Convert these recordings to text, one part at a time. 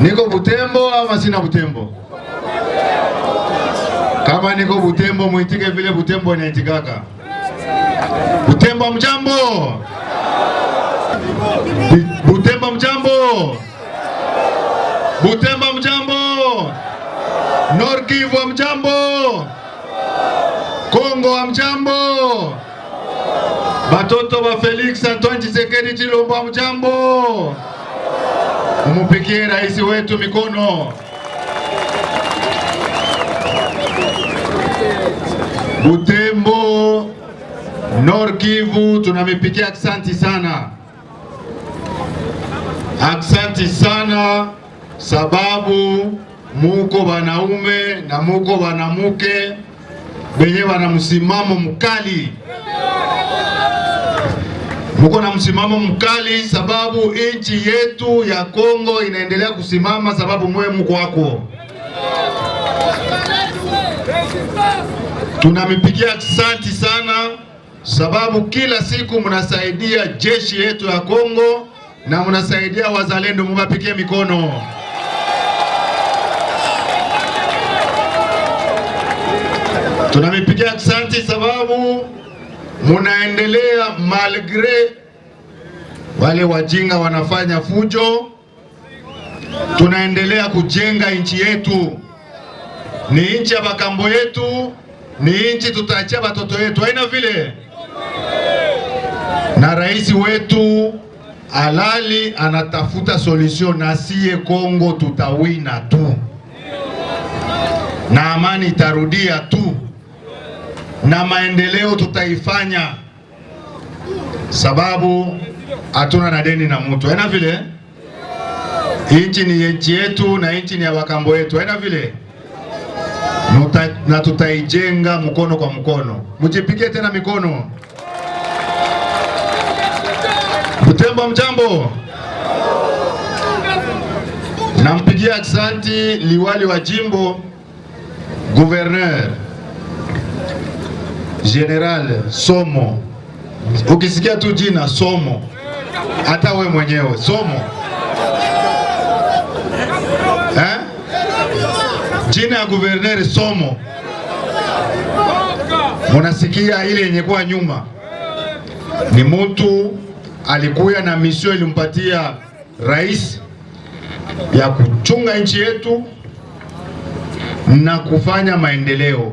Niko Butembo ama sina Butembo? Kama niko Butembo, muitike vile Butembo inaitikaka. Butembo mjambo, Butembo mjambo, Butembo mjambo, Nord Kivu mjambo, Kongo mjambo, batoto ba Felix Antoine Tshisekedi Tshilombo wa mjambo mupikie rais wetu mikono. Butembo Nord Kivu, tunamipigia aksanti sana, aksanti sana sababu muko wanaume na muko wanamuke benye wana msimamo mkali uko na msimamo mkali, sababu nchi yetu ya Kongo inaendelea kusimama, sababu mwe mko wako. Tunamipigia asante sana, sababu kila siku mnasaidia jeshi yetu ya Kongo na mnasaidia wazalendo, mubapikie mikono. Tunamipigia asante sababu munaendelea malgre wale wajinga wanafanya fujo, tunaendelea kujenga nchi yetu. Ni nchi ya makambo yetu, ni nchi tutaachia watoto yetu, haina vile. Na rais wetu alali anatafuta solution, na siye Kongo tutawina tu na amani itarudia tu na maendeleo tutaifanya, sababu hatuna na deni na mtu aina vile. Nchi ni nchi yetu na nchi ni ya wakambo wetu aina vile, na tutaijenga mkono kwa mkono. Mjipigie tena mikono. Butembo, mjambo. Nampigia asanti liwali wa jimbo, gouverneur General Somo, ukisikia tu jina Somo, hata we mwenyewe Somo eh? jina ya guverneri Somo, munasikia ile yenye kuwa nyuma ni mutu alikuya na misio ilimpatia rais ya kuchunga nchi yetu na kufanya maendeleo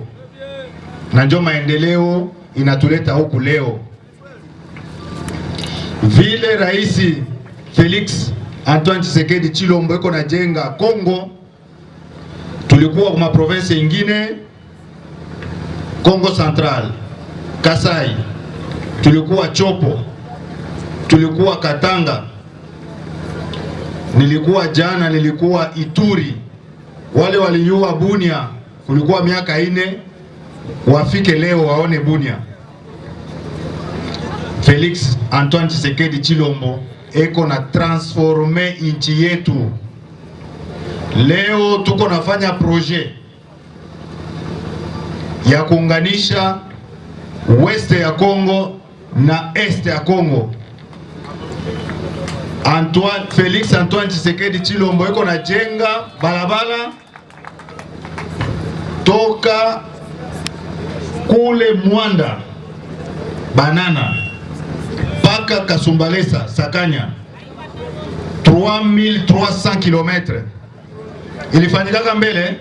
na ndio maendeleo inatuleta huku leo. Vile Rais Felix Antoine Tshisekedi Chilombo iko najenga Kongo, tulikuwa kwa maprovensi ingine Kongo Central, Kasai, tulikuwa Chopo, tulikuwa Katanga, nilikuwa jana, nilikuwa Ituri, wale walinyua Bunia, kulikuwa miaka ine wafike leo waone Bunia. Felix Antoine Tshisekedi Chilombo eko na transforme inchi yetu. Leo tuko nafanya projet ya kuunganisha west ya Kongo na este ya Kongo. Antoine, Felix Antoine Tshisekedi Chilombo eko na jenga balabala toka kule Mwanda Banana mpaka Kasumbalesa Sakanya 3300 km ilifanyikaka mbele,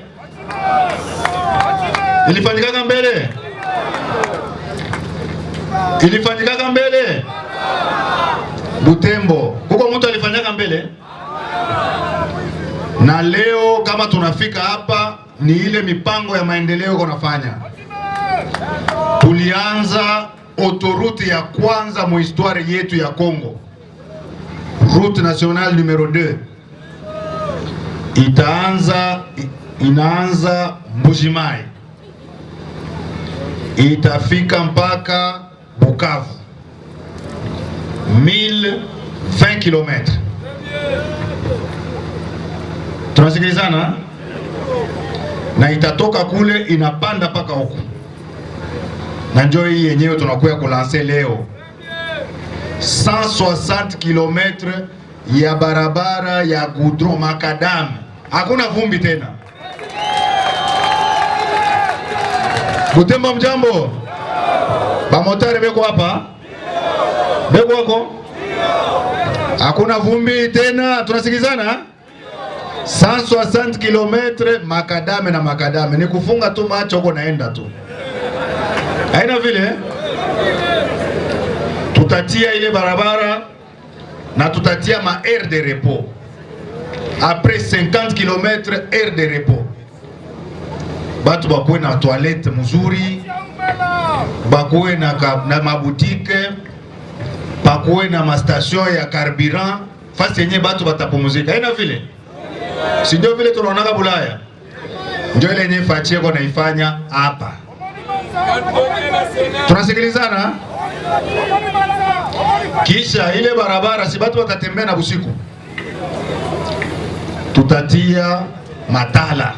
ilifanyikaka mbele, ilifanyikaka mbele. Butembo kuko mtu alifanyaka mbele, na leo kama tunafika hapa ni ile mipango ya maendeleo konafanya tulianza autoroute ya kwanza mu histoire yetu ya Kongo, route nationale numero 2 itaanza, inaanza Mbujimai itafika mpaka Bukavu 1020 km. Tunasikilizana na itatoka kule inapanda mpaka huko na njoo hii yenyewe tunakuya kulanse leo 160 km ya barabara ya goudron makadam, hakuna vumbi tena. Butembo, mjambo bamotare beko hapa, beko wako, hakuna vumbi tena, tunasikizana. 160 km makadame na makadame, ni kufunga tu macho huko, naenda tu Haina vile eh? tutatia ile barabara na tutatia ma aire de repos après 50 km aire de repos, batu bakuwe na toilette mzuri, bakuwe na, na mabutike bakuwe na mastation ya carburant fasi yenye batu batapumuzika. Haina vile si ndio vile tunaonaka Bulaya, ndio ile yenye Fatie ko naifanya hapa tunasikilizana. Kisha ile barabara si batu watatembea na busiku, tutatia matala,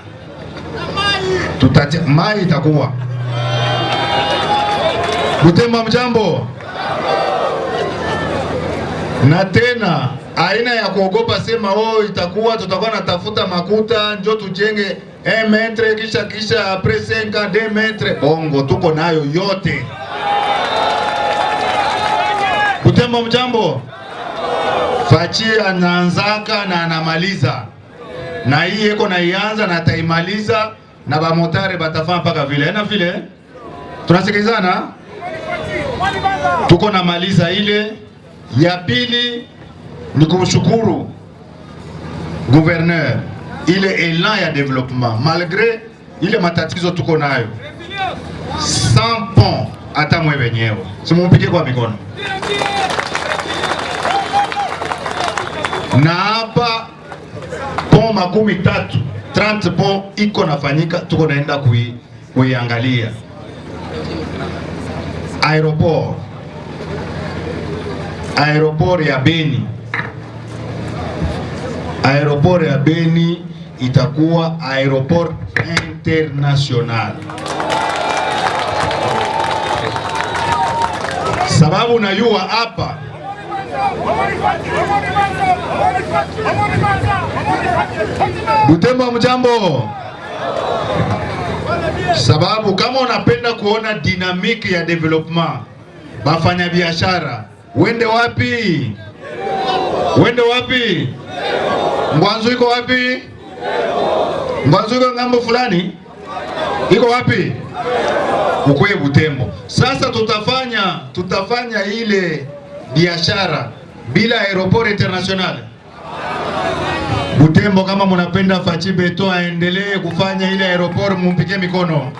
tutatia mai itakuwa kutemba Mjambo na tena aina ya kuogopa sema, oh, itakuwa tutakuwa natafuta makuta njo tujenge 1 eh, metre kisha kisha apres 5 2 metre. Bongo tuko nayo yote. Kutembo mjambo Fachi anaanzaka na anamaliza na hii eko naianza na taimaliza na bamotare batafaa mpaka vile ena vile, tunasikilizana. Tuko na maliza ile ya pili, ni kumshukuru gouverneur ile elan ya development malgré ile matatizo tuko nayo, sans pont hata mwe wenyewe quoi, kwa mikono. Na hapa pont makumi tatu 30 pont iko nafanyika, tuko naenda kuiangalia aéroport aeroport ya Beni aeroport ya Beni itakuwa aeroport international. Sababu najua hapa Butembo, mjambo. Sababu kama unapenda kuona dinamiki ya development, bafanya biashara wende wapi? Wende wapi? Mbwanzu iko wapi? Mwanzo ngambo fulani, iko wapi? Mkoe Butembo. Sasa tutafanya tutafanya ile biashara bila aeroport international Butembo. Kama munapenda Fachi Beton aendelee kufanya ile aeroport, mumpike mikono.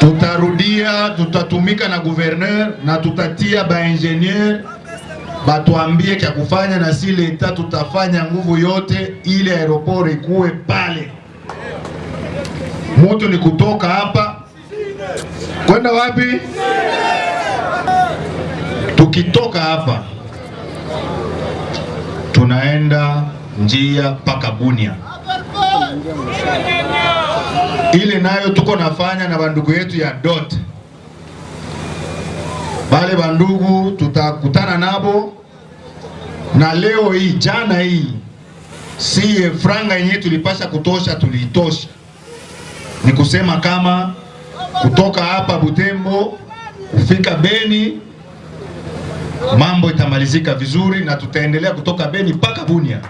Tutarudia, tutatumika na gouverneur na tutatia ba ingenieur batuambie cha kufanya, na si leta tutafanya nguvu yote ili aeroport ikuwe pale. Moto ni kutoka hapa kwenda wapi? Tukitoka hapa tunaenda njia mpaka Bunia, ile nayo tuko nafanya na bandugu yetu ya dot Bale bandugu tutakutana nabo na leo hii, jana hii, si franga yenyewe tulipasha kutosha, tuliitosha. Ni kusema kama kutoka hapa Butembo kufika Beni mambo itamalizika vizuri, na tutaendelea kutoka Beni mpaka Bunia.